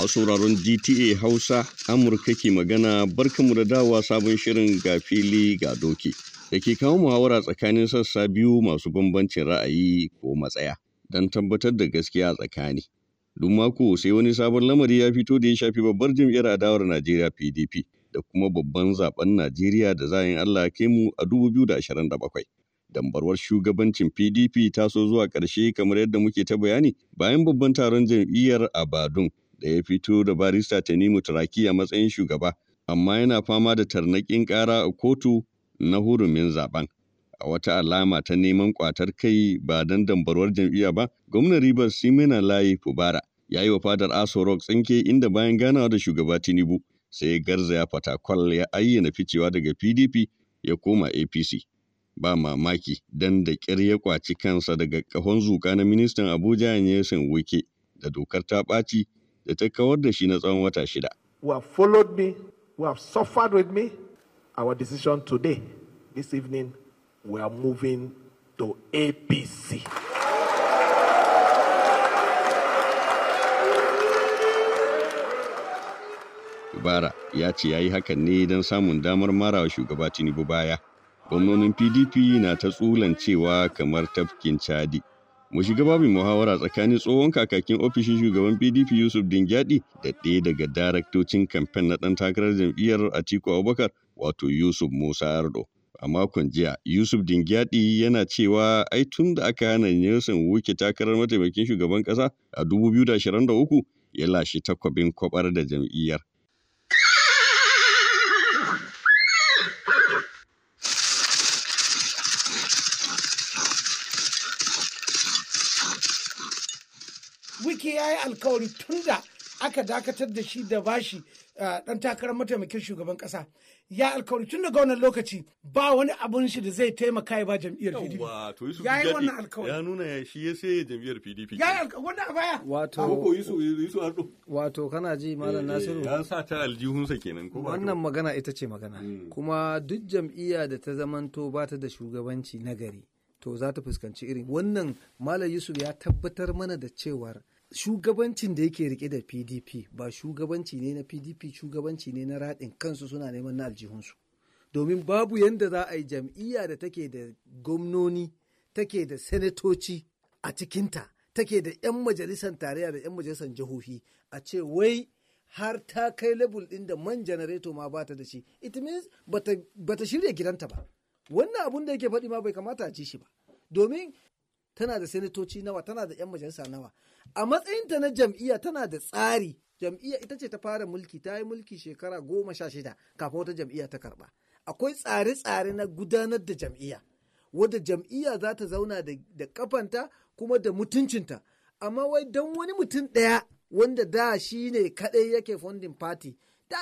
Masu sauraron GTA Hausa Amurka ke magana barkanmu da dawa sabon shirin ga fili ga doki da ke kawo muhawara tsakanin sassa biyu masu bambancin ra'ayi ko matsaya don tabbatar da gaskiya tsakani. Duk mako sai wani sabon lamari ya fito da ya shafi babbar jam'iyyar adawar Najeriya PDP da kuma babban zaben Najeriya da za yin Allah kai mu a 2027. dambarwar shugabancin PDP ta so zuwa ƙarshe kamar yadda muke ta bayani bayan babban taron jam'iyyar a da ya fito da barista Tanimu Turaki a matsayin shugaba, amma yana fama da tarnaƙin ƙara a kotu na hurumin zaɓen. A wata alama ta neman ƙwatar kai ba don dambarwar jam'iyya ba, gwamnan Rivers Simena Layi Fubara ya yi wa fadar Aso Rock tsinke inda bayan ganawa da shugaba Tinubu sai garza ya fatakwal ya ayyana ficewa daga PDP ya koma APC. Ba mamaki don da ƙyar ya kwaci kansa daga ƙahon zuƙa na ministan Abuja ya Wike da dokar ta ɓaci da ta kawar da shi na tsawon wata shida. We have followed me, we have suffered with me, our decision today, this evening, we are moving to APC. Bara ya ce ya yi hakan ne don samun damar marawa shugaba Tinubu baya. Gwamnonin PDP na ta tsulan cewa kamar tafkin Chadi. mu shiga babin muhawara tsakanin tsohon kakakin ofishin shugaban pdp yusuf dingyadi da ɗaya daga daraktocin kamfen na ɗan takarar jam'iyyar atiku abubakar wato yusuf musa ardo a makon jiya yusuf dingyadi yana cewa ai tun da aka hana nelson wuke takarar mataimakin shugaban ƙasa a 2023 ya lashe takwabin kwabar da jam'iyyar wike ya yi alkawari tun da aka dakatar da shi da bashi dan takarar mataimakin shugaban kasa ya alkawari tun daga wannan lokaci ba wani abun shi da zai taimaka ya ba jam'iyyar PDP ya yi wannan alkawari ya nuna shi ya sai jam'iyyar PDP ya yi alkawari wanda a baya wato Yusuf wato kana ji malam eh, Nasiru ya sa ta aljihunsa kenan ko wannan magana ita ce magana hmm. kuma duk jam'iyya da ta zamanto ba ta da shugabanci nagari to za ta fuskanci irin wannan malam Yusuf ya tabbatar mana da cewar shugabancin da yake rike da pdp ba shugabanci ne na pdp shugabanci ne na raɗin kansu suna neman na aljihunsu domin babu yadda za a yi jam'iyya da take da gwamnoni take da senatoci a cikinta take da 'yan majalisar tarayya da 'yan majalisar jihohi a ce wai har ta kai labul ɗin da man janareto ma ba ta da shi it means bata, bata shirya gidanta ba wannan abun da yake faɗi ma bai kamata a ci shi ba domin tana da senatoci nawa tana da 'yan majalisa nawa a matsayinta na jam'iyya tana da tsari jam'iyya ita ce ta fara mulki ta yi mulki shekara goma sha shida kafin wata jam'iyya ta karba akwai tsare-tsare na gudanar da jam'iyya wadda jam'iyya za ta zauna da kafanta kuma da mutuncinta amma wai don wani mutum ɗaya wanda da shi ne kaɗai yake funding party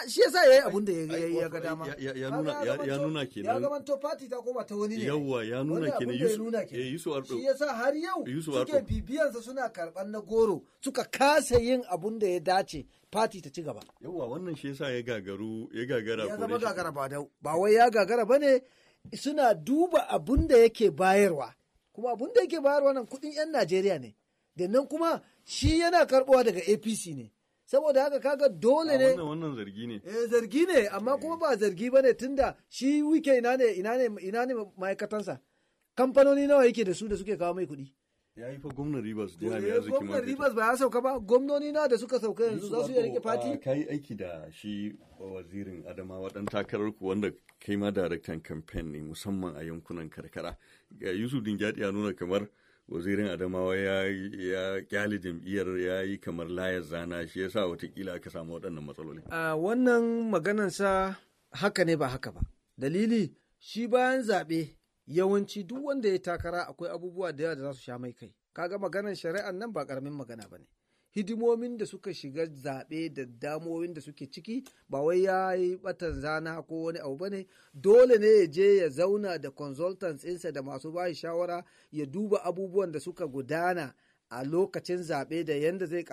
shi yasa yayi abin da ya ga dama ya nuna ya nuna kenan ya gaban party ta koma ta wani ne yawa ya nuna kenan yusu eh, Ardo shi yasa har yau eh, suke bibiyan sa suna karban na goro suka kasa yin abun da ya dace party ta ci gaba yawa wannan shi yasa ya gagaru ya gagara ya zama gagara ba dau ba wai ya gagara bane suna duba abun da yake bayarwa kuma abun da yake bayarwa nan kudin yan Najeriya ne da nan kuma shi yana karbowa daga APC ne saboda haka kaga dole ne wannan zargi ne eh zargi ne amma kuma ba zargi bane tunda shi wike ina ne ina ne ina ne ma'aikatansa kamfanoni nawa yake da su da suke kawo mai kuɗi ya yi fa gwamnan Rivers da eh, yanzu zaki gwamnan Rivers ba ya sauka ba gwamnoni na da suka sauka yanzu za su iya rike fati kai aiki da shi wazirin Adamawa dan takarar ku wanda kai ma daraktan campaign ne musamman a yankunan karkara Yusuf Dingyadi ya nuna kamar wazirin adamawa ya kyale jam'iyyar ya yi kamar layar zana shi yasa watakila aka samu waɗannan matsaloli. a wannan maganansa haka ne ba haka ba dalili shi bayan zaɓe yawanci duk wanda ya takara akwai abubuwa da yawa da za su sha mai kai kaga maganar shari'ar nan ba ƙaramin magana ba ne hidimomin da suka shiga zaɓe da damomin da suke ciki ba wai ya yi batan zana ko wani abu bane dole ne ya je ya zauna da consultants ɗinsa da masu bayi shawara ya duba abubuwan da suka gudana a lokacin zaɓe da yadda zai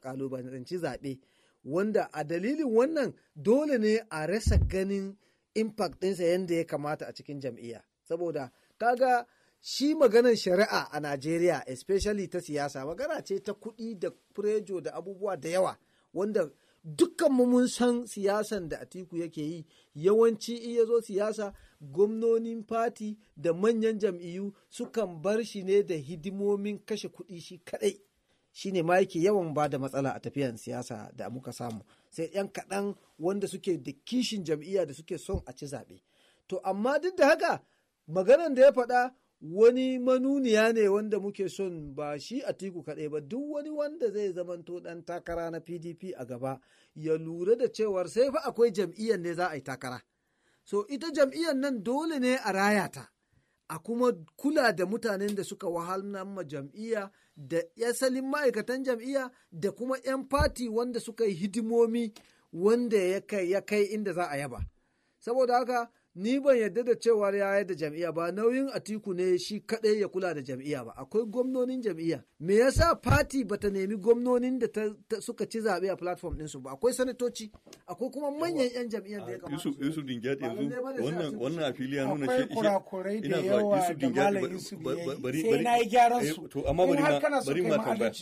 kalubalanci zaɓe wanda a dalilin wannan dole ne a rasa ganin impact ɗinsa yadda ya kamata a cikin jam'iyya saboda kaga shi maganar shari'a a Najeriya especially ta siyasa magana ce ta kuɗi da furejo da abubuwa da yawa wanda dukkan mu mun san siyasan da Atiku yake yi yawanci iya zo siyasa gwamnonin fati da manyan jam'iyyu sukan bar shi ne da hidimomin kashe kuɗi shi kaɗai ne ma yake yawan ba da matsala a tafiyan siyasa da muka samu sai 'yan kaɗan wanda suke da kishin jam'iyya da suke son a ci zaɓe to amma duk da haka maganan da ya faɗa wani manuniya ne wanda muke son ba shi a tiku kaɗai ba duk wani wanda zai zamanto ɗan takara na pdp a gaba ya lura da cewar sai fa akwai jam'iyyar ne za a yi takara so ita jam'iyyar nan dole ne a raya ta a kuma kula da mutanen da suka wahalar ma jam'iyya da asalin ma'aikatan jam'iyya da kuma 'yan fati wanda suka yi hidimomi wanda ya kai inda za a yaba saboda haka ni ban yadda da cewa ya yi da jam'iyya ba nauyin atiku ne shi kaɗai ya kula da jam'iyya ba akwai gwamnonin jam'iyya me yasa fati ta nemi gwamnonin da suka ci zaɓe a platform ɗinsu ba akwai sanatoci akwai kuma manyan yan jam'iyyar da ya kamata ah, Yusuf Yusuf Dingyadi yanzu wannan wannan a fili ya nuna shi akwai kurakurai da yawa da Yusuf bari bari sai na yi gyaran eh, su to amma bari ma bari ma tambaya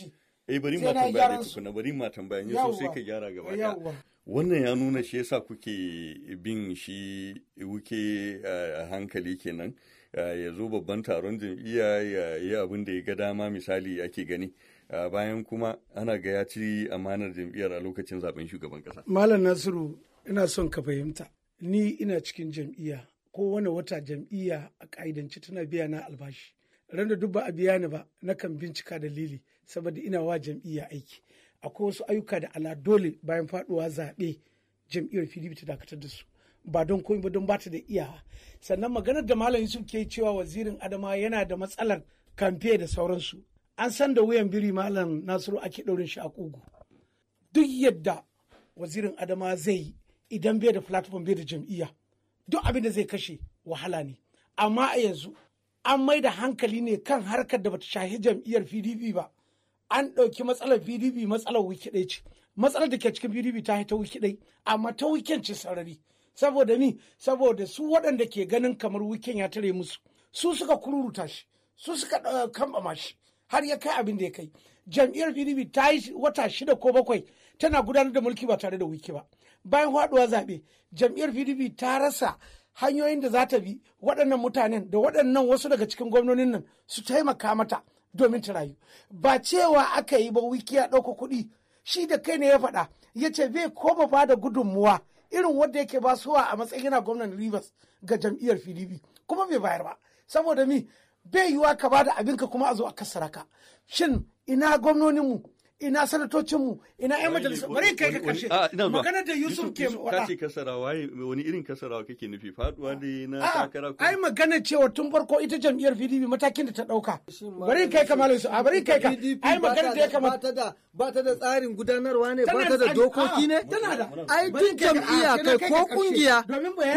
eh bari ma tambaya ne tukuna bari ma tambaya ne so sai ka gyara gaba wannan ya nuna shi yasa kuke bin shi wuke eh, a hankali kenan eh, ya zo babban taron jam'iyya ya yi abin da ya ga dama misali ake gani eh, bayan kuma ana ga ya ci amanar jam'iyyar a lokacin zaben shugaban kasa malam nasiru ina son ka fahimta ni ina cikin jam'iyya ko wani wata jam'iyya a ƙa'idance tana biya na albashi ran da duk ba a biya ni ba na kan bincika dalili saboda ina wa jam'iyya aiki akwai wasu ayyuka da ala dole bayan faduwa zaɓe jam'iyyar pdp ta dakatar da su ba don komai ba don ba ta da iyawa sannan maganar da malam yusuf ke cewa wazirin adama yana da matsalar kamfe da sauransu an san da wuyan biri malam nasiru ake ɗaurin shi a kugu duk yadda wazirin adama zai yi idan bai da platform bai da jam'iyya duk abin da zai kashe wahala ne amma a yanzu an mai da hankali ne kan harkar da bata shahi jam'iyyar pdp ba an ɗauki matsalar pdp matsalar wiki ce matsalar da ke cikin pdp ta haita wiki ɗai amma ta wikin ci sarari saboda ni saboda su waɗanda ke ganin kamar wiken ya tare musu su suka kururuta shi su suka eh, kambama shi har ya kai abin da ya kai jam'iyyar pdp ta yi wata shida ko bakwai tana gudanar da mulki ba tare da wiki ba bayan haɗuwa zaɓe jam'iyyar pdp ta rasa hanyoyin da za ta bi waɗannan mutanen da waɗannan wasu daga cikin gwamnonin nan su taimaka mata domin ta rayu ba cewa aka yi ba wiki ya ɗauka kuɗi shi da kai ne ya faɗa ya ce bai koma ba da gudunmuwa irin wanda yake ba suwa a matsayin yana gwamnan rivers ga jam'iyyar pdp kuma bai bayar ba saboda mi bai yiwa ka ba da abinka kuma a zo a kassara ka shin ina gwamnonin mu. ina sanatocinmu ina yan majalisa bari kai ka karshe ah, magana da Yusuf ke wada kace kasarawa wani irin kasarawa kake nufi faduwa ne na ah, takara ai magana cewa tun farko ita jam'iyyar PDP matakin da ta dauka bari kai ka malam A, bari kai ka ai magana da ya kamata ba ta da tsarin gudanarwa ne ba ta da dokoki ne ah, tana da ai jam'iyya kai ko kungiya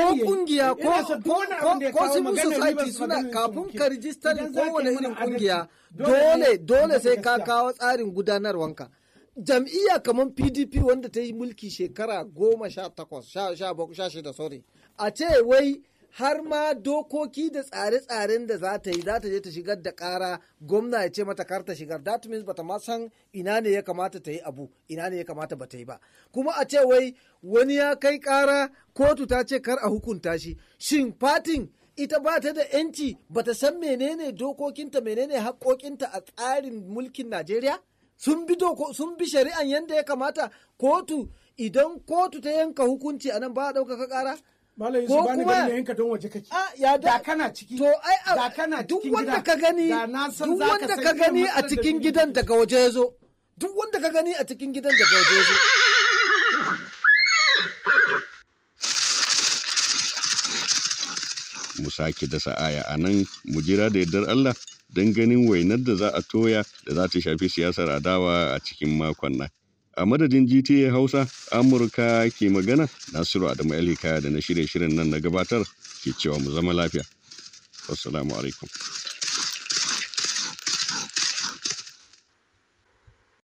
ko kungiya ko ko ko civil ko suna kafin ka ko kowane irin kungiya dole dole sai ka kawo tsarin gudanarwanka jam'iyya kamar pdp wanda ta yi mulki shekara goma sha takwas sha shida sorry a ce wai har ma dokoki da tsare-tsaren da za ta yi za ta je ta shigar da kara gwamna ya ce mata karta ta shigar that means bata ma san ina ne ya kamata ta yi abu ina ne ya kamata bata yi ba kuma a ce wai wani ya kai kara kotu ta ce kar a hukunta shi shin fatin ita ba ta da yanci ba ta san menene dokokinta menene haƙoƙinta a tsarin mulkin najeriya sun bi doko sun bi shari'an yadda ya kamata kotu idan kotu ta yanka hukunci a nan ba a ɗaukaka ƙara ko kuma yanka don waje kake ya da kana ciki to ai duk wanda ka gani duk wanda ka gani a cikin gidan daga waje ya zo duk wanda ka gani a cikin gidan daga waje ya zo mu sake dasa aya a nan mu jira da yardar Allah don ganin wainar da za a toya da za ta shafi siyasar adawa a cikin makon nan. A madadin GTA Hausa, Amurka ke magana, Nasiru Adamu elhikaya da na shirya shirin nan na gabatar ke cewa mu zama lafiya. Assalamu alaikum.